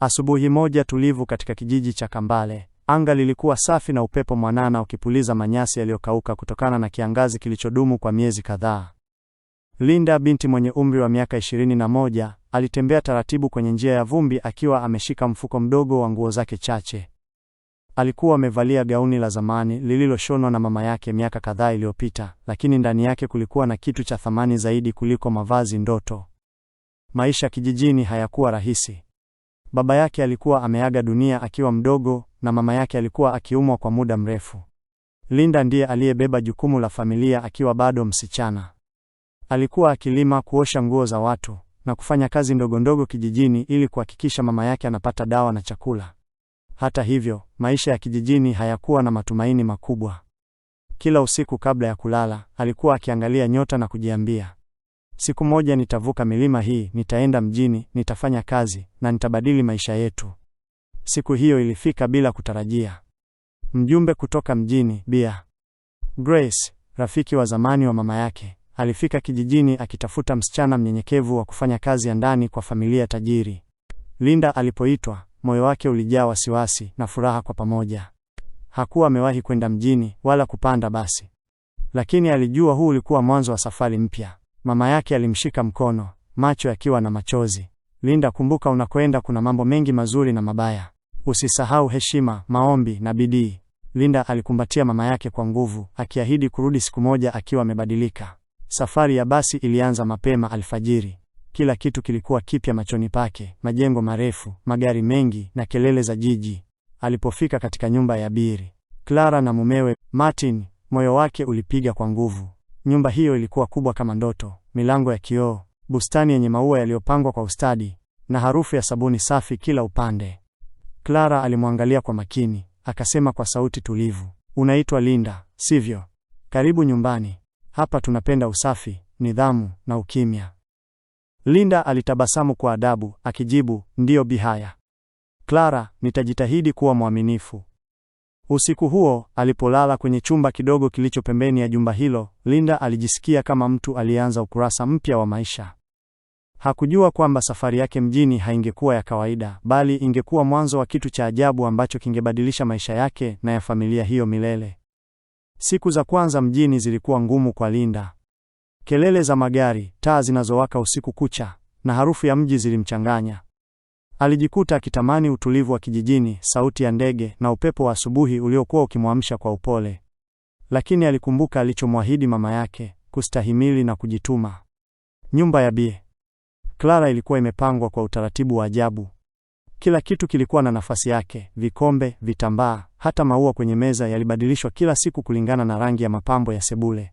Asubuhi moja tulivu katika kijiji cha Kambale. Anga lilikuwa safi na upepo mwanana ukipuliza manyasi yaliyokauka kutokana na kiangazi kilichodumu kwa miezi kadhaa. Linda, binti mwenye umri wa miaka ishirini na moja, alitembea taratibu kwenye njia ya vumbi akiwa ameshika mfuko mdogo wa nguo zake chache. Alikuwa amevalia gauni la zamani lililoshonwa na mama yake miaka kadhaa iliyopita, lakini ndani yake kulikuwa na kitu cha thamani zaidi kuliko mavazi, ndoto. Maisha kijijini hayakuwa rahisi. Baba yake alikuwa ameaga dunia akiwa mdogo na mama yake alikuwa akiumwa kwa muda mrefu. Linda ndiye aliyebeba jukumu la familia akiwa bado msichana. Alikuwa akilima, kuosha nguo za watu na kufanya kazi ndogondogo kijijini ili kuhakikisha mama yake anapata dawa na chakula. Hata hivyo, maisha ya kijijini hayakuwa na matumaini makubwa. Kila usiku kabla ya kulala, alikuwa akiangalia nyota na kujiambia, Siku moja nitavuka milima hii, nitaenda mjini, nitafanya kazi na nitabadili maisha yetu. Siku hiyo ilifika bila kutarajia. Mjumbe kutoka mjini Bia Grace, rafiki wa zamani wa mama yake, alifika kijijini akitafuta msichana mnyenyekevu wa kufanya kazi ya ndani kwa familia tajiri. Linda alipoitwa, moyo wake ulijaa wasiwasi na furaha kwa pamoja. Hakuwa amewahi kwenda mjini wala kupanda basi, lakini alijua huu ulikuwa mwanzo wa safari mpya. Mama yake alimshika mkono, macho yakiwa na machozi. Linda, kumbuka unakoenda kuna mambo mengi mazuri na mabaya. Usisahau heshima, maombi na bidii. Linda alikumbatia mama yake kwa nguvu, akiahidi kurudi siku moja akiwa amebadilika. Safari ya basi ilianza mapema alfajiri. Kila kitu kilikuwa kipya machoni pake, majengo marefu, magari mengi na kelele za jiji. Alipofika katika nyumba ya Biri, Clara na mumewe Martin, moyo wake ulipiga kwa nguvu. Nyumba hiyo ilikuwa kubwa kama ndoto, milango ya kioo, bustani yenye maua yaliyopangwa kwa ustadi na harufu ya sabuni safi kila upande. Clara alimwangalia kwa makini, akasema kwa sauti tulivu, unaitwa Linda, sivyo? Karibu nyumbani. Hapa tunapenda usafi, nidhamu na ukimya. Linda alitabasamu kwa adabu, akijibu, ndiyo Bihaya. Clara, nitajitahidi kuwa mwaminifu. Usiku huo alipolala kwenye chumba kidogo kilicho pembeni ya jumba hilo, Linda alijisikia kama mtu alianza ukurasa mpya wa maisha. Hakujua kwamba safari yake mjini haingekuwa ya kawaida, bali ingekuwa mwanzo wa kitu cha ajabu ambacho kingebadilisha maisha yake na ya familia hiyo milele. Siku za kwanza mjini zilikuwa ngumu kwa Linda. Kelele za magari, taa zinazowaka usiku kucha na harufu ya mji zilimchanganya. Alijikuta akitamani utulivu wa kijijini, sauti ya ndege na upepo wa asubuhi uliokuwa ukimwamsha kwa upole. Lakini alikumbuka alichomwahidi mama yake, kustahimili na kujituma. Nyumba ya Bi Clara ilikuwa imepangwa kwa utaratibu wa ajabu. Kila kitu kilikuwa na nafasi yake: vikombe, vitambaa, hata maua kwenye meza yalibadilishwa kila siku kulingana na rangi ya mapambo ya sebule.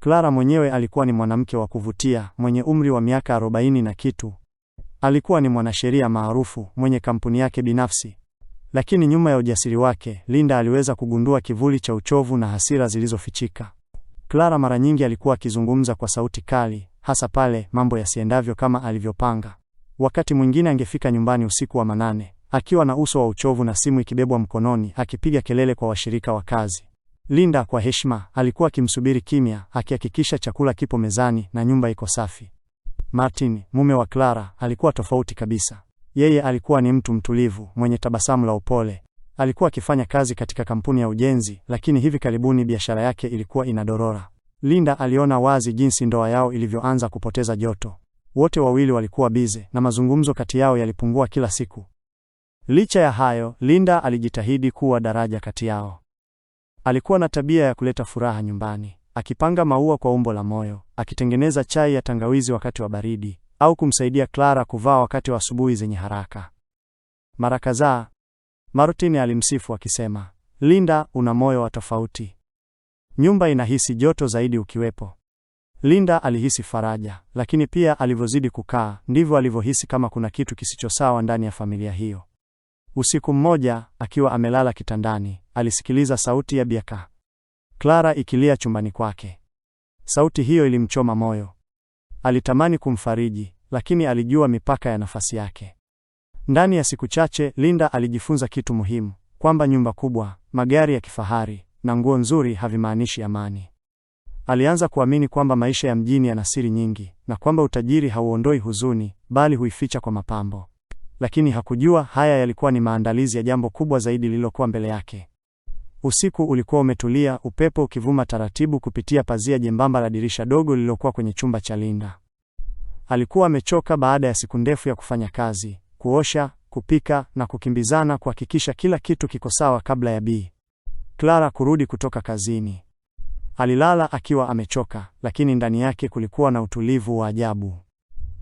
Clara mwenyewe alikuwa ni mwanamke wa kuvutia mwenye umri wa miaka arobaini na kitu, Alikuwa ni mwanasheria maarufu mwenye kampuni yake binafsi, lakini nyuma ya ujasiri wake, Linda aliweza kugundua kivuli cha uchovu na hasira zilizofichika. Clara mara nyingi alikuwa akizungumza kwa sauti kali, hasa pale mambo yasiendavyo kama alivyopanga. Wakati mwingine angefika nyumbani usiku wa manane akiwa na uso wa uchovu na simu ikibebwa mkononi, akipiga kelele kwa washirika wa kazi. Linda kwa heshima alikuwa akimsubiri kimya, akihakikisha chakula kipo mezani na nyumba iko safi. Martin, mume wa Clara, alikuwa tofauti kabisa. Yeye alikuwa ni mtu mtulivu, mwenye tabasamu la upole. Alikuwa akifanya kazi katika kampuni ya ujenzi, lakini hivi karibuni biashara yake ilikuwa inadorora. Linda aliona wazi jinsi ndoa yao ilivyoanza kupoteza joto. Wote wawili walikuwa bize na mazungumzo kati yao yalipungua kila siku. Licha ya hayo, Linda alijitahidi kuwa daraja kati yao. Alikuwa na tabia ya kuleta furaha nyumbani akipanga maua kwa umbo la moyo, akitengeneza chai ya tangawizi wakati wa baridi, au kumsaidia Clara kuvaa wakati wa asubuhi zenye haraka. Mara kadhaa Martin alimsifu akisema, Linda, una moyo wa tofauti. Nyumba inahisi joto zaidi ukiwepo. Linda alihisi faraja, lakini pia alivyozidi kukaa ndivyo alivyohisi kama kuna kitu kisicho sawa ndani ya familia hiyo. Usiku mmoja, akiwa amelala kitandani, alisikiliza sauti ya Biaka. Clara ikilia chumbani kwake. Sauti hiyo ilimchoma moyo. Alitamani kumfariji, lakini alijua mipaka ya nafasi yake. Ndani ya siku chache, Linda alijifunza kitu muhimu, kwamba nyumba kubwa, magari ya kifahari na nguo nzuri havimaanishi amani. Alianza kuamini kwamba maisha ya mjini yana siri nyingi na kwamba utajiri hauondoi huzuni, bali huificha kwa mapambo. Lakini hakujua haya yalikuwa ni maandalizi ya jambo kubwa zaidi lililokuwa mbele yake. Usiku ulikuwa umetulia, upepo ukivuma taratibu kupitia pazia jembamba la dirisha dogo lililokuwa kwenye chumba cha Linda. Alikuwa amechoka baada ya siku ndefu ya kufanya kazi, kuosha, kupika na kukimbizana kuhakikisha kila kitu kiko sawa kabla ya Bi Clara kurudi kutoka kazini. Alilala akiwa amechoka, lakini ndani yake kulikuwa na utulivu wa ajabu.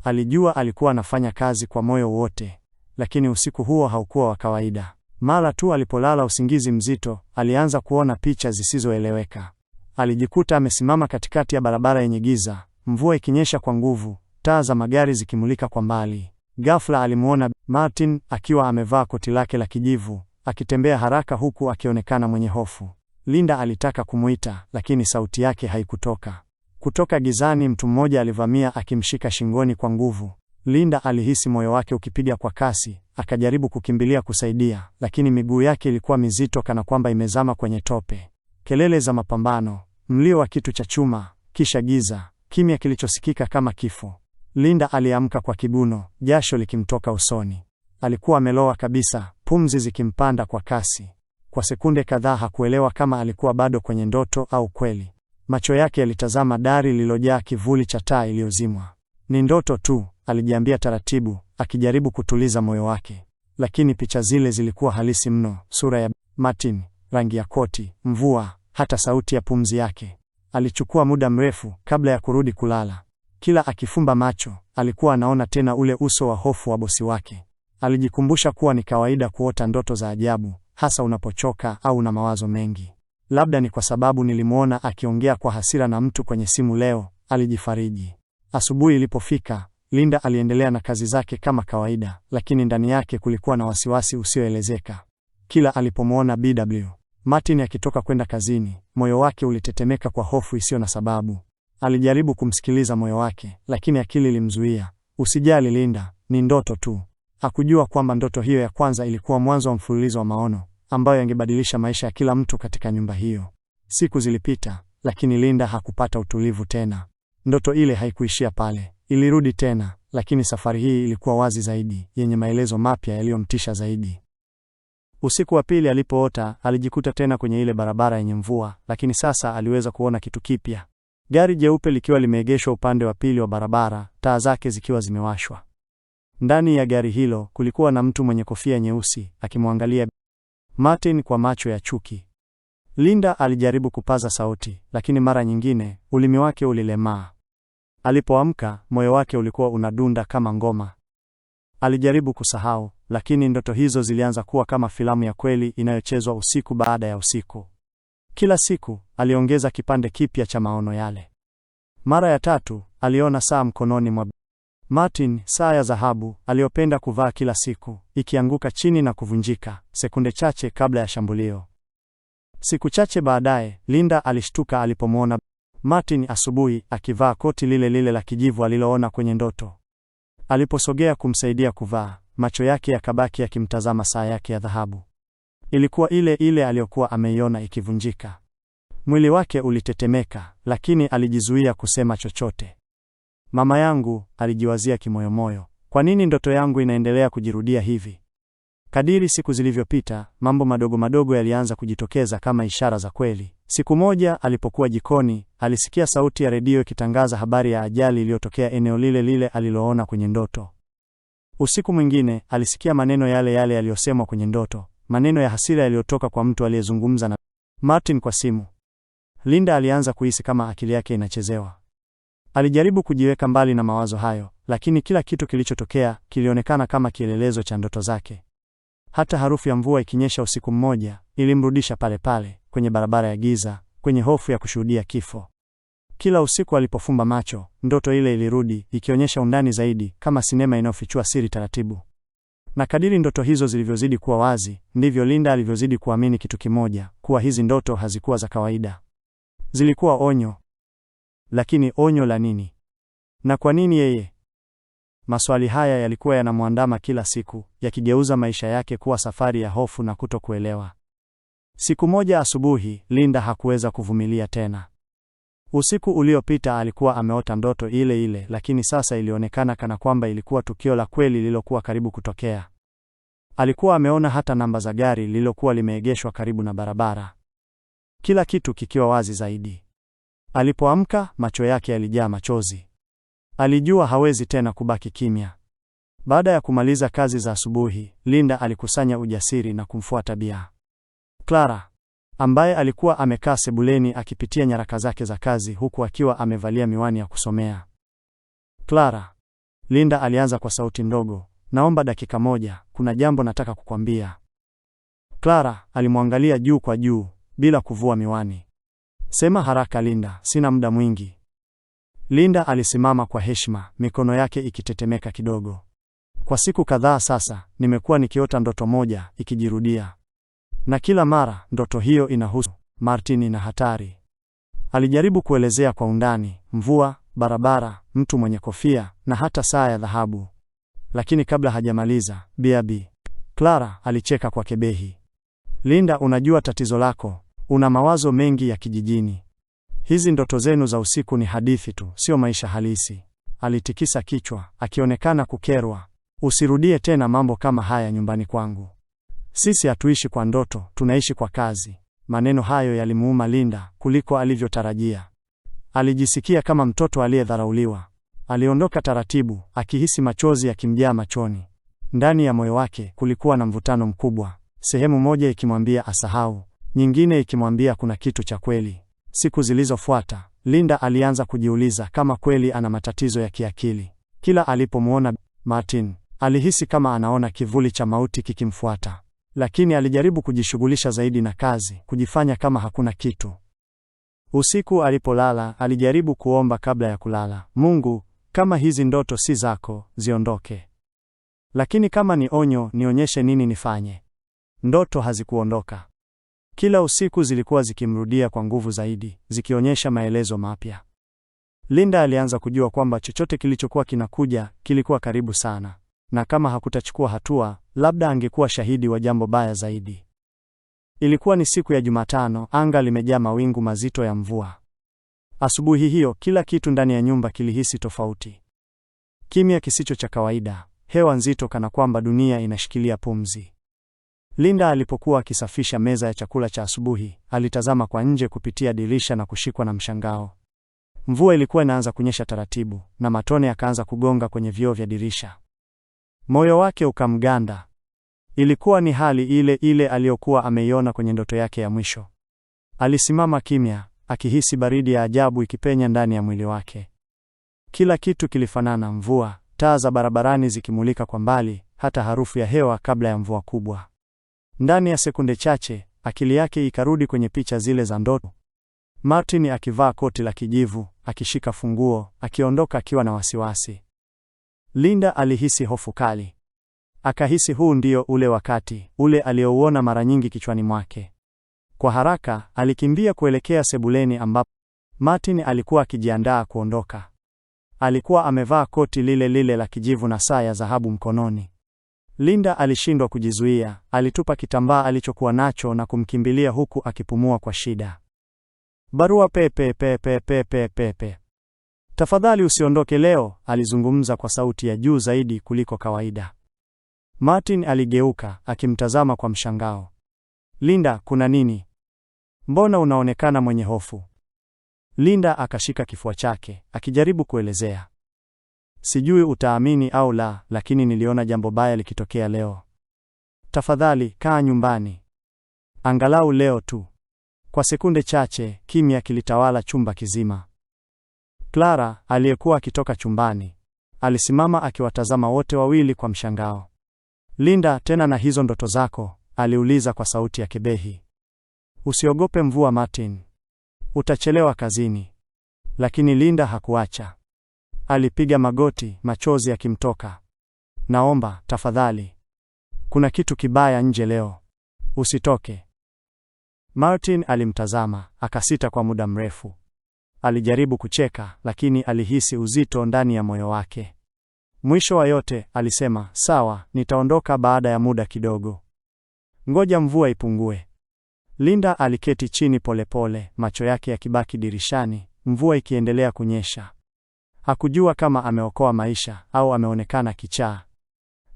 Alijua alikuwa anafanya kazi kwa moyo wote, lakini usiku huo haukuwa wa kawaida. Mara tu alipolala usingizi mzito, alianza kuona picha zisizoeleweka. Alijikuta amesimama katikati ya barabara yenye giza, mvua ikinyesha kwa nguvu, taa za magari zikimulika kwa mbali. Ghafla alimuona Martin akiwa amevaa koti lake la kijivu, akitembea haraka huku akionekana mwenye hofu. Linda alitaka kumuita, lakini sauti yake haikutoka. Kutoka gizani, mtu mmoja alivamia akimshika shingoni kwa nguvu. Linda alihisi moyo wake ukipiga kwa kasi, akajaribu kukimbilia kusaidia, lakini miguu yake ilikuwa mizito kana kwamba imezama kwenye tope. Kelele za mapambano, mlio wa kitu cha chuma, kisha giza, kimya kilichosikika kama kifo. Linda aliamka kwa kibuno, jasho likimtoka usoni. Alikuwa amelowa kabisa, pumzi zikimpanda kwa kasi. Kwa sekunde kadhaa hakuelewa kama alikuwa bado kwenye ndoto au kweli. Macho yake yalitazama dari lililojaa kivuli cha taa iliyozimwa. Ni ndoto tu, alijiambia taratibu, akijaribu kutuliza moyo wake. Lakini picha zile zilikuwa halisi mno: sura ya Martin, rangi ya koti, mvua, hata sauti ya pumzi yake. Alichukua muda mrefu kabla ya kurudi kulala. Kila akifumba macho alikuwa anaona tena ule uso wa hofu wa bosi wake. Alijikumbusha kuwa ni kawaida kuota ndoto za ajabu, hasa unapochoka au una mawazo mengi. Labda ni kwa sababu nilimwona akiongea kwa hasira na mtu kwenye simu leo, alijifariji. Asubuhi ilipofika, Linda aliendelea na kazi zake kama kawaida, lakini ndani yake kulikuwa na wasiwasi usioelezeka. Kila alipomwona Bw. Martin akitoka kwenda kazini, moyo wake ulitetemeka kwa hofu isiyo na sababu. Alijaribu kumsikiliza moyo wake, lakini akili ilimzuia. Usijali Linda, ni ndoto tu. Hakujua kwamba ndoto hiyo ya kwanza ilikuwa mwanzo wa mfululizo wa maono ambayo yangebadilisha maisha ya kila mtu katika nyumba hiyo. Siku zilipita, lakini Linda hakupata utulivu tena. Ndoto ile haikuishia pale. Ilirudi tena, lakini safari hii ilikuwa wazi zaidi, yenye maelezo mapya yaliyomtisha zaidi. Usiku wa pili alipoota, alijikuta tena kwenye ile barabara yenye mvua, lakini sasa aliweza kuona kitu kipya. Gari jeupe likiwa limeegeshwa upande wa pili wa barabara, taa zake zikiwa zimewashwa. Ndani ya gari hilo kulikuwa na mtu mwenye kofia nyeusi akimwangalia Martin kwa macho ya chuki. Linda alijaribu kupaza sauti, lakini mara nyingine ulimi wake ulilemaa. Alipoamka, moyo wake ulikuwa unadunda kama ngoma. Alijaribu kusahau, lakini ndoto hizo zilianza kuwa kama filamu ya kweli inayochezwa usiku baada ya usiku. Kila siku aliongeza kipande kipya cha maono yale. Mara ya tatu aliona saa mkononi mwa Martin, saa ya dhahabu aliyopenda kuvaa kila siku, ikianguka chini na kuvunjika sekunde chache kabla ya shambulio. Siku chache baadaye, Linda alishtuka alipomwona Martin asubuhi akivaa koti lile lile la kijivu aliloona kwenye ndoto. Aliposogea kumsaidia kuvaa, macho yake yakabaki yakimtazama saa yake ya dhahabu. Ilikuwa ile ile aliyokuwa ameiona ikivunjika. Mwili wake ulitetemeka, lakini alijizuia kusema chochote. Mama yangu, alijiwazia kimoyomoyo, kwa nini ndoto yangu inaendelea kujirudia hivi? Kadiri siku zilivyopita, mambo madogo madogo yalianza kujitokeza kama ishara za kweli. Siku moja alipokuwa jikoni, alisikia sauti ya redio ikitangaza habari ya ajali iliyotokea eneo lile lile aliloona kwenye ndoto. Usiku mwingine, alisikia maneno yale yale yaliyosemwa kwenye ndoto, maneno ya hasira yaliyotoka kwa mtu aliyezungumza na Martin kwa simu. Linda alianza kuhisi kama akili yake inachezewa. Alijaribu kujiweka mbali na mawazo hayo, lakini kila kitu kilichotokea kilionekana kama kielelezo cha ndoto zake. Hata harufu ya mvua ikinyesha usiku mmoja ilimrudisha pale pale kwenye barabara ya giza, kwenye hofu ya kushuhudia kifo. Kila usiku alipofumba macho, ndoto ile ilirudi, ikionyesha undani zaidi, kama sinema inayofichua siri taratibu. Na kadiri ndoto hizo zilivyozidi kuwa wazi, ndivyo Linda alivyozidi kuamini kitu kimoja, kuwa hizi ndoto hazikuwa za kawaida. Zilikuwa onyo. Lakini onyo la nini? Na kwa nini yeye Maswali haya yalikuwa yanamwandama kila siku, yakigeuza maisha yake kuwa safari ya hofu na kutokuelewa. Siku moja asubuhi, Linda hakuweza kuvumilia tena. Usiku uliopita alikuwa ameota ndoto ile ile, lakini sasa ilionekana kana kwamba ilikuwa tukio la kweli lililokuwa karibu kutokea. Alikuwa ameona hata namba za gari lililokuwa limeegeshwa karibu na barabara, kila kitu kikiwa wazi zaidi. Alipoamka, macho yake yalijaa machozi. Alijua hawezi tena kubaki kimya. Baada ya kumaliza kazi za asubuhi, Linda alikusanya ujasiri na kumfuata Bia. Clara, ambaye alikuwa amekaa sebuleni akipitia nyaraka zake za kazi huku akiwa amevalia miwani ya kusomea. Clara, Linda alianza kwa sauti ndogo, naomba dakika moja, kuna jambo nataka kukwambia. Clara alimwangalia juu kwa juu bila kuvua miwani. Sema haraka Linda, sina muda mwingi. Linda alisimama kwa heshima, mikono yake ikitetemeka kidogo. Kwa siku kadhaa sasa, nimekuwa nikiota ndoto moja ikijirudia, na kila mara ndoto hiyo inahusu Martin na hatari. Alijaribu kuelezea kwa undani: mvua, barabara, mtu mwenye kofia na hata saa ya dhahabu, lakini kabla hajamaliza, Biabi Clara alicheka kwa kebehi. Linda, unajua tatizo lako, una mawazo mengi ya kijijini hizi ndoto zenu za usiku ni hadithi tu, sio maisha halisi. Alitikisa kichwa akionekana kukerwa. Usirudie tena mambo kama haya nyumbani kwangu. Sisi hatuishi kwa ndoto, tunaishi kwa kazi. Maneno hayo yalimuuma Linda kuliko alivyotarajia. Alijisikia kama mtoto aliyedharauliwa. Aliondoka taratibu, akihisi machozi yakimjaa machoni. Ndani ya moyo wake kulikuwa na mvutano mkubwa, sehemu moja ikimwambia asahau, nyingine ikimwambia kuna kitu cha kweli. Siku zilizofuata Linda alianza kujiuliza kama kweli ana matatizo ya kiakili. Kila alipomwona Martin alihisi kama anaona kivuli cha mauti kikimfuata, lakini alijaribu kujishughulisha zaidi na kazi, kujifanya kama hakuna kitu. Usiku alipolala, alijaribu kuomba kabla ya kulala, Mungu, kama hizi ndoto si zako, ziondoke, lakini kama ni onyo, nionyeshe nini nifanye. Ndoto hazikuondoka. Kila usiku zilikuwa zikimrudia kwa nguvu zaidi, zikionyesha maelezo mapya. Linda alianza kujua kwamba chochote kilichokuwa kinakuja kilikuwa karibu sana, na kama hakutachukua hatua, labda angekuwa shahidi wa jambo baya zaidi. Ilikuwa ni siku ya Jumatano, anga limejaa mawingu mazito ya mvua. Asubuhi hiyo, kila kitu ndani ya nyumba kilihisi tofauti. Kimya kisicho cha kawaida, hewa nzito kana kwamba dunia inashikilia pumzi. Linda alipokuwa akisafisha meza ya chakula cha asubuhi, alitazama kwa nje kupitia dirisha na kushikwa na mshangao. Mvua ilikuwa inaanza kunyesha taratibu na matone yakaanza kugonga kwenye vioo vya dirisha. Moyo wake ukamganda. Ilikuwa ni hali ile ile aliyokuwa ameiona kwenye ndoto yake ya mwisho. Alisimama kimya, akihisi baridi ya ajabu ikipenya ndani ya mwili wake. Kila kitu kilifanana: mvua, taa za barabarani zikimulika kwa mbali, hata harufu ya hewa kabla ya mvua kubwa. Ndani ya sekunde chache, akili yake ikarudi kwenye picha zile za ndoto. Martin akivaa koti la kijivu, akishika funguo, akiondoka akiwa na wasiwasi. Linda alihisi hofu kali. Akahisi huu ndio ule wakati, ule aliyouona mara nyingi kichwani mwake. Kwa haraka, alikimbia kuelekea sebuleni ambapo Martin alikuwa akijiandaa kuondoka. Alikuwa amevaa koti lile lile la kijivu na saa ya dhahabu mkononi. Linda alishindwa kujizuia, alitupa kitambaa alichokuwa nacho na kumkimbilia huku akipumua kwa shida. Barua pepe pepe pepe pepe. Tafadhali usiondoke leo, alizungumza kwa sauti ya juu zaidi kuliko kawaida. Martin aligeuka akimtazama kwa mshangao. Linda, kuna nini? Mbona unaonekana mwenye hofu? Linda akashika kifua chake akijaribu kuelezea. Sijui utaamini au la, lakini niliona jambo baya likitokea leo. Tafadhali kaa nyumbani angalau leo tu. Kwa sekunde chache kimya kilitawala chumba kizima. Clara aliyekuwa akitoka chumbani alisimama akiwatazama wote wawili kwa mshangao. Linda, tena na hizo ndoto zako? aliuliza kwa sauti ya kebehi. Usiogope mvua Martin, utachelewa kazini. Lakini Linda hakuacha. Alipiga magoti, machozi yakimtoka. Naomba tafadhali, kuna kitu kibaya nje leo, usitoke. Martin alimtazama, akasita kwa muda mrefu. Alijaribu kucheka, lakini alihisi uzito ndani ya moyo wake. Mwisho wa yote alisema, sawa, nitaondoka baada ya muda kidogo, ngoja mvua ipungue. Linda aliketi chini polepole, macho yake yakibaki dirishani, mvua ikiendelea kunyesha. Hakujua kama ameokoa maisha au ameonekana kichaa,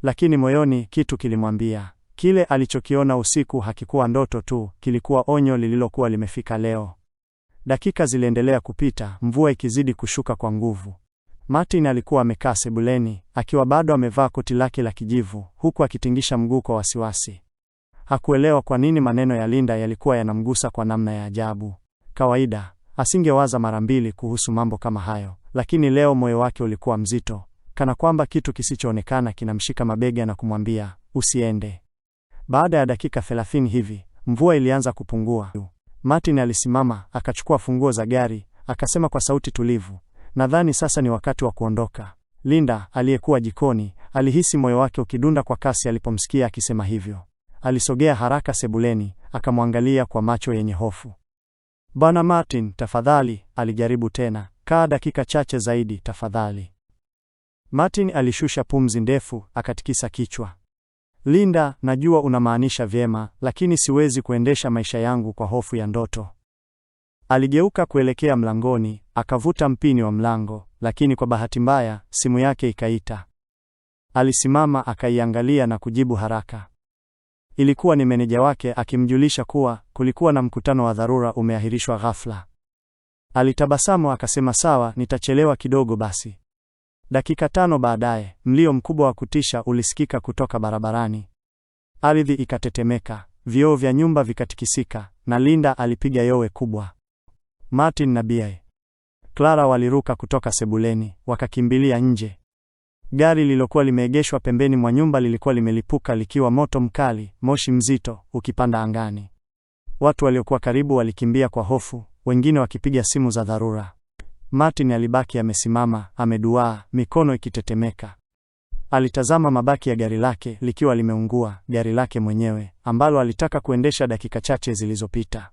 lakini moyoni kitu kilimwambia kile alichokiona usiku hakikuwa ndoto tu, kilikuwa onyo lililokuwa limefika leo. Dakika ziliendelea kupita, mvua ikizidi kushuka kwa nguvu. Martin alikuwa amekaa sebuleni akiwa bado amevaa koti lake la kijivu, huku akitingisha mguu kwa wasiwasi. Hakuelewa kwa nini maneno ya Linda yalikuwa yanamgusa kwa namna ya ajabu. Kawaida, Asingewaza mara mbili kuhusu mambo kama hayo, lakini leo moyo wake ulikuwa mzito, kana kwamba kitu kisichoonekana kinamshika mabega na kumwambia usiende. Baada ya dakika thelathini hivi, mvua ilianza kupungua. Martin alisimama, akachukua funguo za gari, akasema kwa sauti tulivu, nadhani sasa ni wakati wa kuondoka. Linda aliyekuwa jikoni alihisi moyo wake ukidunda kwa kasi alipomsikia akisema hivyo. Alisogea haraka sebuleni, akamwangalia kwa macho yenye hofu. Bwana Martin, tafadhali, alijaribu tena. Kaa dakika chache zaidi tafadhali. Martin alishusha pumzi ndefu, akatikisa kichwa. Linda, najua unamaanisha vyema, lakini siwezi kuendesha maisha yangu kwa hofu ya ndoto. Aligeuka kuelekea mlangoni, akavuta mpini wa mlango, lakini kwa bahati mbaya simu yake ikaita. Alisimama akaiangalia na kujibu haraka. Ilikuwa ni meneja wake akimjulisha kuwa kulikuwa na mkutano wa dharura umeahirishwa ghafla. Alitabasamu akasema sawa, nitachelewa kidogo basi. Dakika tano baadaye, mlio mkubwa wa kutisha ulisikika kutoka barabarani. Ardhi ikatetemeka, vioo vya nyumba vikatikisika, na Linda alipiga yowe kubwa. Martin na Bia Clara waliruka kutoka sebuleni, wakakimbilia nje. Gari lililokuwa limeegeshwa pembeni mwa nyumba lilikuwa limelipuka likiwa moto mkali, moshi mzito ukipanda angani. Watu waliokuwa karibu walikimbia kwa hofu, wengine wakipiga simu za dharura. Martin alibaki amesimama, ameduaa, mikono ikitetemeka. Alitazama mabaki ya gari lake likiwa limeungua, gari lake mwenyewe ambalo alitaka kuendesha dakika chache zilizopita.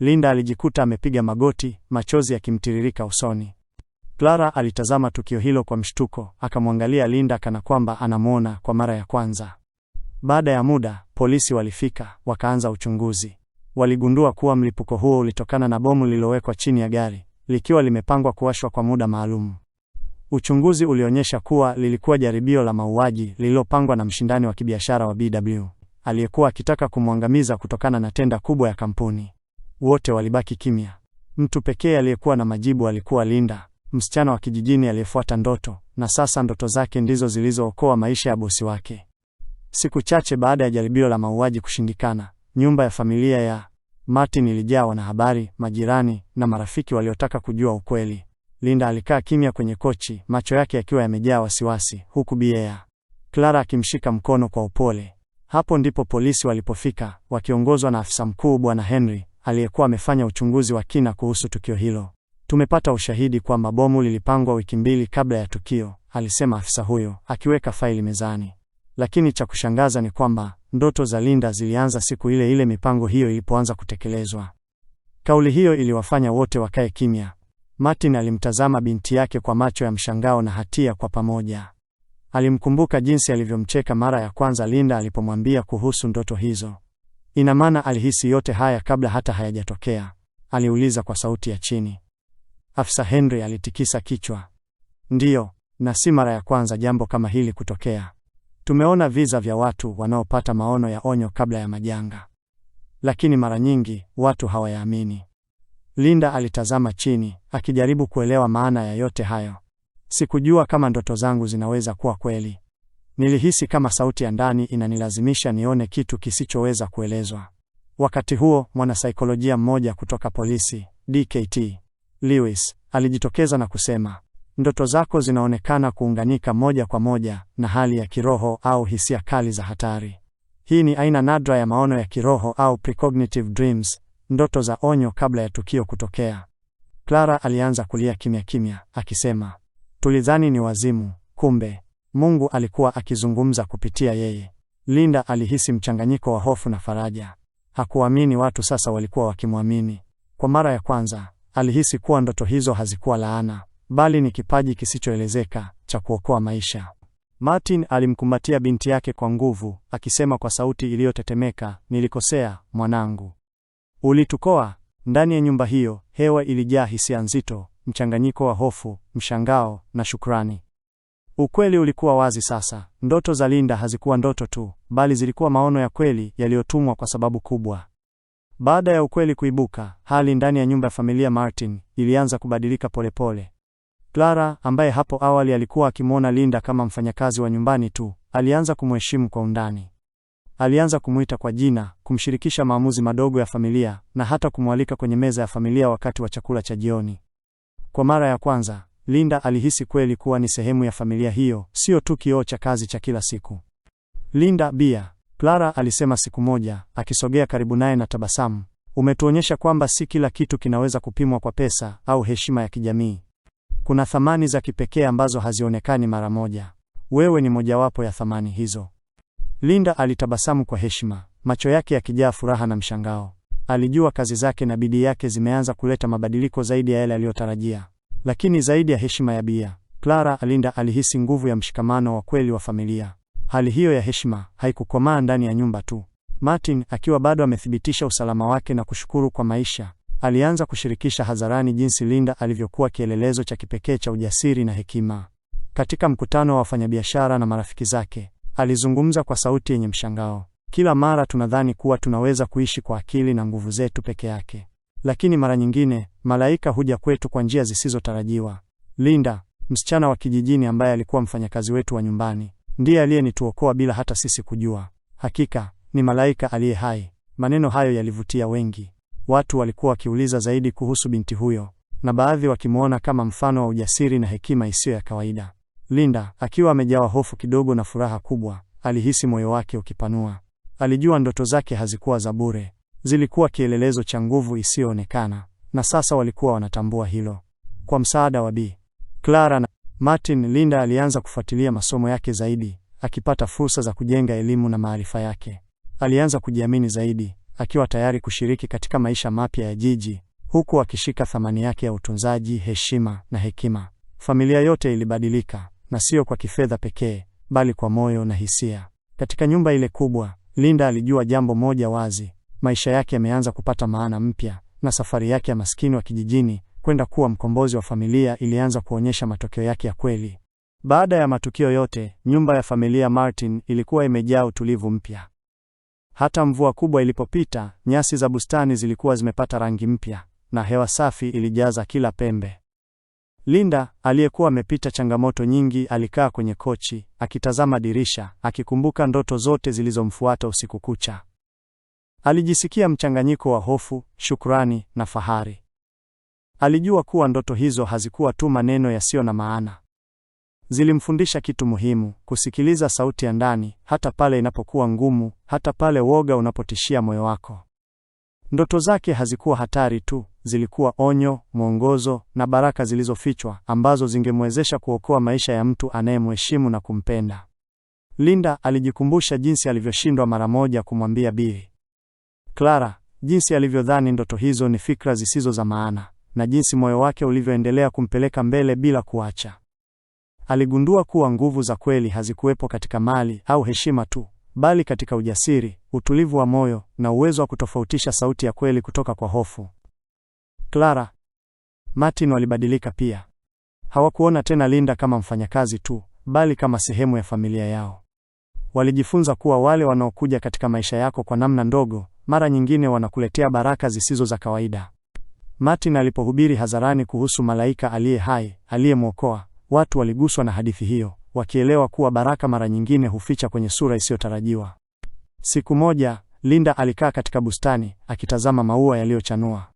Linda alijikuta amepiga magoti, machozi yakimtiririka usoni. Clara alitazama tukio hilo kwa mshtuko, akamwangalia Linda kana kwamba anamwona kwa mara ya kwanza. Baada ya muda, polisi walifika, wakaanza uchunguzi. Waligundua kuwa mlipuko huo ulitokana na bomu lililowekwa chini ya gari, likiwa limepangwa kuwashwa kwa muda maalum. Uchunguzi ulionyesha kuwa lilikuwa jaribio la mauaji lililopangwa na mshindani wa kibiashara wa BW, aliyekuwa akitaka kumwangamiza kutokana na tenda kubwa ya kampuni. Wote walibaki kimya. Mtu pekee aliyekuwa na majibu alikuwa Linda msichana wa kijijini aliyefuata ndoto, na sasa ndoto zake ndizo zilizookoa maisha ya bosi wake. Siku chache baada ya jaribio la mauaji kushindikana, nyumba ya familia ya Martin ilijaa wanahabari, majirani na marafiki waliotaka kujua ukweli. Linda alikaa kimya kwenye kochi, macho yake yakiwa yamejaa wasiwasi, huku bia ya Clara akimshika mkono kwa upole. Hapo ndipo polisi walipofika wakiongozwa na afisa mkuu Bwana Henry aliyekuwa amefanya uchunguzi wa kina kuhusu tukio hilo. Tumepata ushahidi kwamba bomu lilipangwa wiki mbili kabla ya tukio, alisema afisa huyo akiweka faili mezani. Lakini cha kushangaza ni kwamba ndoto za Linda zilianza siku ile ile mipango hiyo ilipoanza kutekelezwa. Kauli hiyo iliwafanya wote wakae kimya. Martin alimtazama binti yake kwa macho ya mshangao na hatia kwa pamoja. Alimkumbuka jinsi alivyomcheka mara ya kwanza Linda alipomwambia kuhusu ndoto hizo. Ina maana alihisi yote haya kabla hata hayajatokea, aliuliza kwa sauti ya chini. Afisa Henry alitikisa kichwa. Ndiyo, na si mara ya kwanza jambo kama hili kutokea. Tumeona visa vya watu wanaopata maono ya onyo kabla ya majanga, lakini mara nyingi watu hawayaamini. Linda alitazama chini akijaribu kuelewa maana ya yote hayo. Sikujua kama ndoto zangu zinaweza kuwa kweli. Nilihisi kama sauti ya ndani inanilazimisha nione kitu kisichoweza kuelezwa. Wakati huo, mwanasaikolojia mmoja kutoka polisi, DKT, Lewis alijitokeza na kusema, ndoto zako zinaonekana kuunganika moja kwa moja na hali ya kiroho au hisia kali za hatari. Hii ni aina nadra ya maono ya kiroho au precognitive dreams, ndoto za onyo kabla ya tukio kutokea. Clara alianza kulia kimya kimya akisema, tulidhani ni wazimu, kumbe Mungu alikuwa akizungumza kupitia yeye. Linda alihisi mchanganyiko wa hofu na faraja. Hakuamini watu sasa walikuwa wakimwamini. Kwa mara ya kwanza, alihisi kuwa ndoto hizo hazikuwa laana, bali ni kipaji kisichoelezeka cha kuokoa maisha. Martin alimkumbatia binti yake kwa nguvu, akisema kwa sauti iliyotetemeka, nilikosea mwanangu, ulitukoa. Ndani ya nyumba hiyo hewa ilijaa hisia nzito, mchanganyiko wa hofu, mshangao na shukrani. Ukweli ulikuwa wazi sasa, ndoto za Linda hazikuwa ndoto tu, bali zilikuwa maono ya kweli yaliyotumwa kwa sababu kubwa. Baada ya ukweli kuibuka, hali ndani ya nyumba ya familia Martin ilianza kubadilika polepole pole. Clara ambaye hapo awali alikuwa akimwona Linda kama mfanyakazi wa nyumbani tu, alianza kumheshimu kwa undani. Alianza kumwita kwa jina, kumshirikisha maamuzi madogo ya familia na hata kumwalika kwenye meza ya familia wakati wa chakula cha jioni. Kwa mara ya kwanza, Linda alihisi kweli kuwa ni sehemu ya familia hiyo, sio tu kioo cha kazi cha kila siku. Linda Bia Clara alisema siku moja, akisogea karibu naye na tabasamu. Umetuonyesha kwamba si kila kitu kinaweza kupimwa kwa pesa au heshima ya kijamii. Kuna thamani za kipekee ambazo hazionekani mara moja. Wewe ni mojawapo ya thamani hizo. Linda alitabasamu kwa heshima, macho yake yakijaa furaha na mshangao. Alijua kazi zake na bidii yake zimeanza kuleta mabadiliko zaidi ya yale aliyotarajia. Lakini zaidi ya heshima ya bia, Clara Linda alihisi nguvu ya mshikamano wa kweli wa familia. Hali hiyo ya heshima haikukomaa ndani ya nyumba tu. Martin akiwa bado amethibitisha usalama wake na kushukuru kwa maisha, alianza kushirikisha hadharani jinsi Linda alivyokuwa kielelezo cha kipekee cha ujasiri na hekima. Katika mkutano wa wafanyabiashara na marafiki zake, alizungumza kwa sauti yenye mshangao. Kila mara tunadhani kuwa tunaweza kuishi kwa akili na nguvu zetu peke yake, lakini mara nyingine malaika huja kwetu kwa njia zisizotarajiwa. Linda, msichana wa kijijini ambaye alikuwa mfanyakazi wetu wa nyumbani, ndiye aliyenituokoa bila hata sisi kujua. Hakika ni malaika aliye hai. Maneno hayo yalivutia wengi. Watu walikuwa wakiuliza zaidi kuhusu binti huyo, na baadhi wakimwona kama mfano wa ujasiri na hekima isiyo ya kawaida. Linda akiwa amejawa hofu kidogo na furaha kubwa, alihisi moyo wake ukipanua. Alijua ndoto zake hazikuwa za bure, zilikuwa kielelezo cha nguvu isiyoonekana, na sasa walikuwa wanatambua hilo. Kwa msaada wa Bi Clara na Martin Linda alianza kufuatilia masomo yake zaidi, akipata fursa za kujenga elimu na maarifa yake. Alianza kujiamini zaidi, akiwa tayari kushiriki katika maisha mapya ya jiji, huku akishika thamani yake ya utunzaji, heshima na hekima. Familia yote ilibadilika, na sio kwa kifedha pekee, bali kwa moyo na hisia. Katika nyumba ile kubwa, Linda alijua jambo moja wazi: maisha yake yameanza kupata maana mpya, na safari yake ya maskini wa kijijini kwenda kuwa mkombozi wa familia ilianza kuonyesha matokeo yake ya kweli. Baada ya matukio yote, nyumba ya familia Martin ilikuwa imejaa utulivu mpya. Hata mvua kubwa ilipopita, nyasi za bustani zilikuwa zimepata rangi mpya na hewa safi ilijaza kila pembe. Linda aliyekuwa amepita changamoto nyingi alikaa kwenye kochi akitazama dirisha, akikumbuka ndoto zote zilizomfuata usiku kucha. Alijisikia mchanganyiko wa hofu, shukrani na fahari. Alijua kuwa ndoto hizo hazikuwa tu maneno yasiyo na maana. Zilimfundisha kitu muhimu: kusikiliza sauti ya ndani, hata pale inapokuwa ngumu, hata pale woga unapotishia moyo wako. Ndoto zake hazikuwa hatari tu, zilikuwa onyo, mwongozo na baraka zilizofichwa ambazo zingemwezesha kuokoa maisha ya mtu anayemheshimu na kumpenda. Linda alijikumbusha jinsi alivyoshindwa mara moja kumwambia Bi Clara, jinsi alivyodhani ndoto hizo ni fikra zisizo za maana na jinsi moyo wake ulivyoendelea kumpeleka mbele bila kuacha. Aligundua kuwa nguvu za kweli hazikuwepo katika mali au heshima tu, bali katika ujasiri, utulivu wa moyo na uwezo wa kutofautisha sauti ya kweli kutoka kwa hofu. Clara, Martin walibadilika pia. Hawakuona tena Linda kama mfanyakazi tu, bali kama sehemu ya familia yao. Walijifunza kuwa wale wanaokuja katika maisha yako kwa namna ndogo, mara nyingine wanakuletea baraka zisizo za kawaida. Martin alipohubiri hadharani kuhusu malaika aliye hai aliyemwokoa, watu waliguswa na hadithi hiyo, wakielewa kuwa baraka mara nyingine huficha kwenye sura isiyotarajiwa. Siku moja Linda alikaa katika bustani akitazama maua yaliyochanua.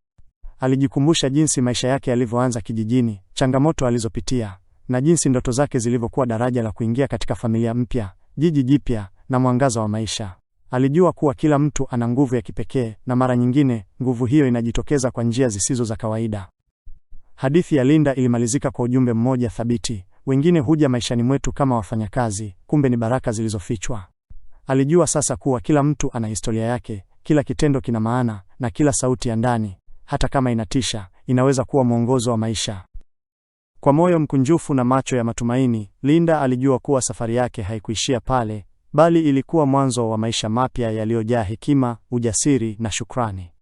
Alijikumbusha jinsi maisha yake yalivyoanza kijijini, changamoto alizopitia, na jinsi ndoto zake zilivyokuwa daraja la kuingia katika familia mpya, jiji jipya, na mwangaza wa maisha. Alijua kuwa kila mtu ana nguvu ya kipekee na mara nyingine nguvu hiyo inajitokeza kwa njia zisizo za kawaida. Hadithi ya Linda ilimalizika kwa ujumbe mmoja thabiti: wengine huja maishani mwetu kama wafanyakazi, kumbe ni baraka zilizofichwa. Alijua sasa kuwa kila mtu ana historia yake, kila kitendo kina maana, na kila sauti ya ndani, hata kama inatisha, inaweza kuwa mwongozo wa maisha. Kwa moyo mkunjufu na macho ya matumaini, Linda alijua kuwa safari yake haikuishia pale, bali ilikuwa mwanzo wa maisha mapya yaliyojaa hekima, ujasiri na shukrani.